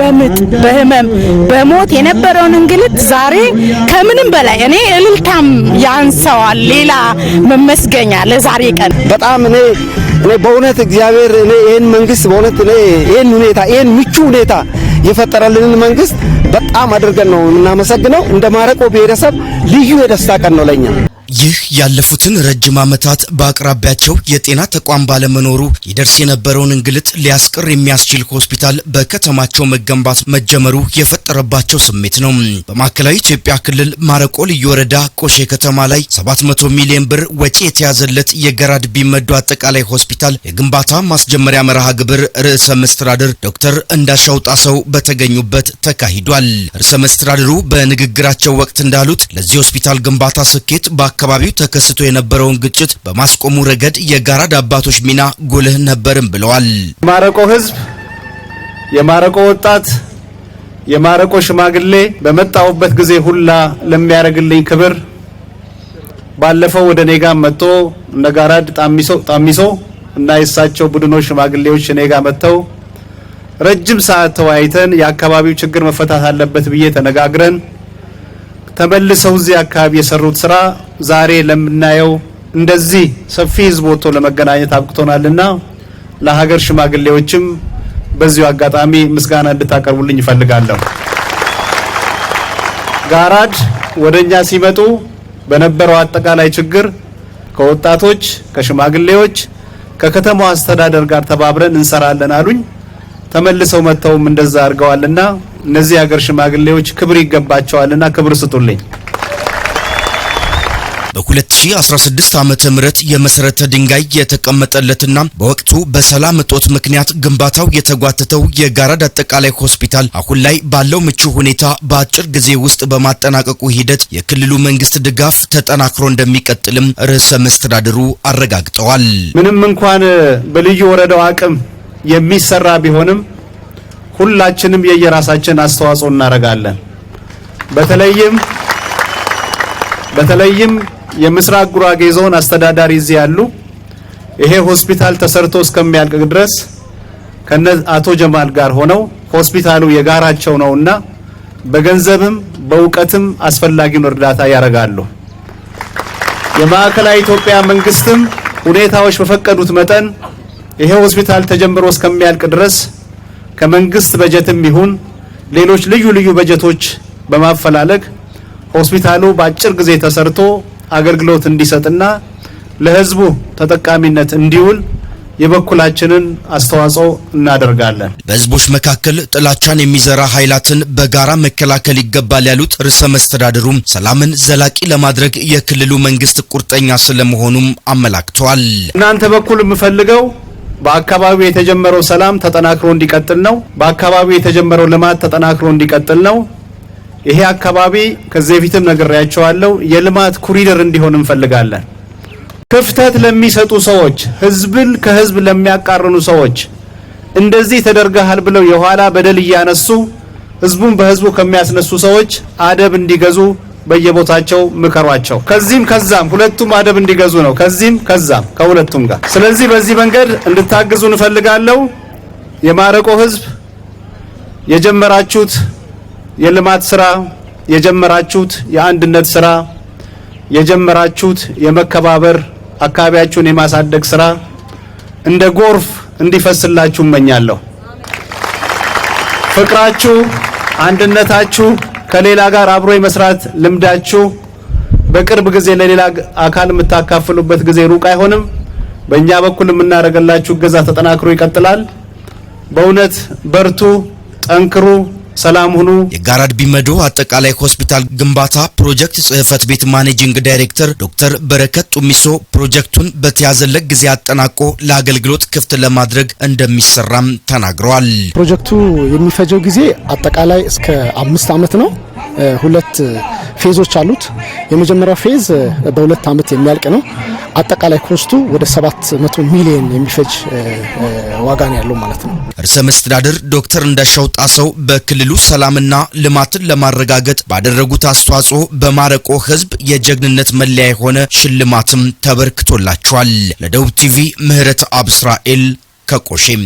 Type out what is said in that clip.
በምጥ በህመም በሞት የነበረውን እንግልት ዛሬ ከምንም በላይ እኔ እልልታም ያንሰዋል። ሌላ መመስገኛ ለዛሬ ቀን በጣም እኔ እኔ በእውነት እግዚአብሔር እኔ ይሄን መንግስት በእውነት እኔ ይሄን ሁኔታ ይሄን ምቹ ሁኔታ የፈጠረልንን መንግስት በጣም አድርገን ነው የምናመሰግነው። እንደ ማረቆ ብሔረሰብ ልዩ የደስታ ቀን ነው ለኛ። ይህ ያለፉትን ረጅም ዓመታት በአቅራቢያቸው የጤና ተቋም ባለመኖሩ ይደርስ የነበረውን እንግልት ሊያስቀር የሚያስችል ሆስፒታል በከተማቸው መገንባት መጀመሩ የፈጠረባቸው ስሜት ነው። በማዕከላዊ ኢትዮጵያ ክልል ማረቆ ልዩ ወረዳ ቆሼ ከተማ ላይ 700 ሚሊዮን ብር ወጪ የተያዘለት የገራድ ቢመዱ አጠቃላይ ሆስፒታል የግንባታ ማስጀመሪያ መርሃ ግብር ርዕሰ መስተዳድር ዶክተር እንዳሻው ጣሰው በተገኙበት ተካሂዷል። ርዕሰ መስተዳድሩ በንግግራቸው ወቅት እንዳሉት ለዚህ ሆስፒታል ግንባታ ስኬት በአካባቢው ተከስቶ የነበረውን ግጭት በማስቆሙ ረገድ የጋራድ አባቶች ሚና ጉልህ ነበርም ብለዋል። የማረቆ ህዝብ፣ የማረቆ ወጣት፣ የማረቆ ሽማግሌ በመጣሁበት ጊዜ ሁላ ለሚያደርግልኝ ክብር ባለፈው ወደ እኔ ጋር መጥቶ እነ ጋራድ ጣሚሶ እና የእሳቸው ቡድኖች ሽማግሌዎች እኔ ጋር መጥተው ረጅም ሰዓት ተወያይተን የአካባቢው ችግር መፈታት አለበት ብዬ ተነጋግረን ተመልሰው እዚህ አካባቢ የሰሩት ስራ ዛሬ ለምናየው እንደዚህ ሰፊ ህዝብ ወጥቶ ለመገናኘት አብቅቶናልና ለሀገር ሽማግሌዎችም በዚሁ አጋጣሚ ምስጋና እንድታቀርቡልኝ ይፈልጋለሁ። ጋራድ ወደኛ ሲመጡ በነበረው አጠቃላይ ችግር ከወጣቶች፣ ከሽማግሌዎች፣ ከከተማው አስተዳደር ጋር ተባብረን እንሰራለን አሉኝ። ተመልሰው መጥተውም እንደዛ አድርገዋልና እነዚህ የሀገር ሽማግሌዎች ክብር ይገባቸዋልና ክብር ስጡልኝ። በ2016 ዓመተ ምህረት የመሰረተ ድንጋይ የተቀመጠለትና በወቅቱ በሰላም እጦት ምክንያት ግንባታው የተጓተተው የጋራድ አጠቃላይ ሆስፒታል አሁን ላይ ባለው ምቹ ሁኔታ በአጭር ጊዜ ውስጥ በማጠናቀቁ ሂደት የክልሉ መንግስት ድጋፍ ተጠናክሮ እንደሚቀጥልም ርዕሰ መስተዳድሩ አረጋግጠዋል። ምንም እንኳን በልዩ ወረዳው አቅም የሚሰራ ቢሆንም ሁላችንም የየራሳችን አስተዋጽኦ እናደርጋለን። በተለይም በተለይም የምስራቅ ጉራጌ ዞን አስተዳዳሪ እዚህ ያሉ ይሄ ሆስፒታል ተሰርቶ እስከሚያልቅ ድረስ ከነ አቶ ጀማል ጋር ሆነው ሆስፒታሉ የጋራቸው ነውና በገንዘብም በእውቀትም አስፈላጊውን እርዳታ ያደርጋሉ። የማዕከላዊ ኢትዮጵያ መንግስትም ሁኔታዎች በፈቀዱት መጠን ይሄ ሆስፒታል ተጀምሮ እስከሚያልቅ ድረስ ከመንግስት በጀትም ይሁን ሌሎች ልዩ ልዩ በጀቶች በማፈላለግ ሆስፒታሉ በአጭር ጊዜ ተሰርቶ አገልግሎት እንዲሰጥና ለህዝቡ ተጠቃሚነት እንዲውል የበኩላችንን አስተዋጽኦ እናደርጋለን። በህዝቦች መካከል ጥላቻን የሚዘራ ኃይላትን በጋራ መከላከል ይገባል ያሉት ርዕሰ መስተዳድሩም ሰላምን ዘላቂ ለማድረግ የክልሉ መንግስት ቁርጠኛ ስለመሆኑም አመላክተዋል። እናንተ በኩል የምፈልገው በአካባቢው የተጀመረው ሰላም ተጠናክሮ እንዲቀጥል ነው። በአካባቢው የተጀመረው ልማት ተጠናክሮ እንዲቀጥል ነው። ይሄ አካባቢ ከዚህ በፊትም ነግሬያቸዋለሁ፣ የልማት ኩሪደር እንዲሆን እንፈልጋለን። ክፍተት ለሚሰጡ ሰዎች፣ ህዝብን ከህዝብ ለሚያቃርኑ ሰዎች እንደዚህ ተደርገሃል ብለው የኋላ በደል እያነሱ ህዝቡን በህዝቡ ከሚያስነሱ ሰዎች አደብ እንዲገዙ በየቦታቸው ምከሯቸው። ከዚህም ከዛም ሁለቱም አደብ እንዲገዙ ነው። ከዚህም ከዛም ከሁለቱም ጋር። ስለዚህ በዚህ መንገድ እንድታግዙ እንፈልጋለሁ። የማረቆ ህዝብ የጀመራችሁት የልማት ስራ የጀመራችሁት የአንድነት ስራ የጀመራችሁት የመከባበር አካባቢያችሁን የማሳደግ ስራ እንደ ጎርፍ እንዲፈስላችሁ እመኛለሁ። ፍቅራችሁ፣ አንድነታችሁ፣ ከሌላ ጋር አብሮ የመስራት ልምዳችሁ በቅርብ ጊዜ ለሌላ አካል የምታካፍሉበት ጊዜ ሩቅ አይሆንም። በእኛ በኩል የምናደርግላችሁ እገዛ ተጠናክሮ ይቀጥላል። በእውነት በርቱ፣ ጠንክሩ። ሰላም ሁኑ። የጋራድ ቢመዶ አጠቃላይ ሆስፒታል ግንባታ ፕሮጀክት ጽህፈት ቤት ማኔጂንግ ዳይሬክተር ዶክተር በረከት ጡሚሶ ፕሮጀክቱን በተያዘለት ጊዜ አጠናቆ ለአገልግሎት ክፍት ለማድረግ እንደሚሰራም ተናግረዋል። ፕሮጀክቱ የሚፈጀው ጊዜ አጠቃላይ እስከ አምስት ዓመት ነው። ሁለት ፌዞች አሉት። የመጀመሪያው ፌዝ በሁለት ዓመት የሚያልቅ ነው። አጠቃላይ ኮስቱ ወደ 700 ሚሊዮን የሚፈጅ ዋጋ ነው ያለው ማለት ነው። እርሰ መስተዳድር ዶክተር እንዳሻው ጣሰው በክልሉ ሰላምና ልማትን ለማረጋገጥ ባደረጉት አስተዋጽኦ በማረቆ ህዝብ የጀግንነት መለያ የሆነ ሽልማትም ተበርክቶላቸዋል። ለደቡብ ቲቪ ምህረት አብ እስራኤል ከቆሼም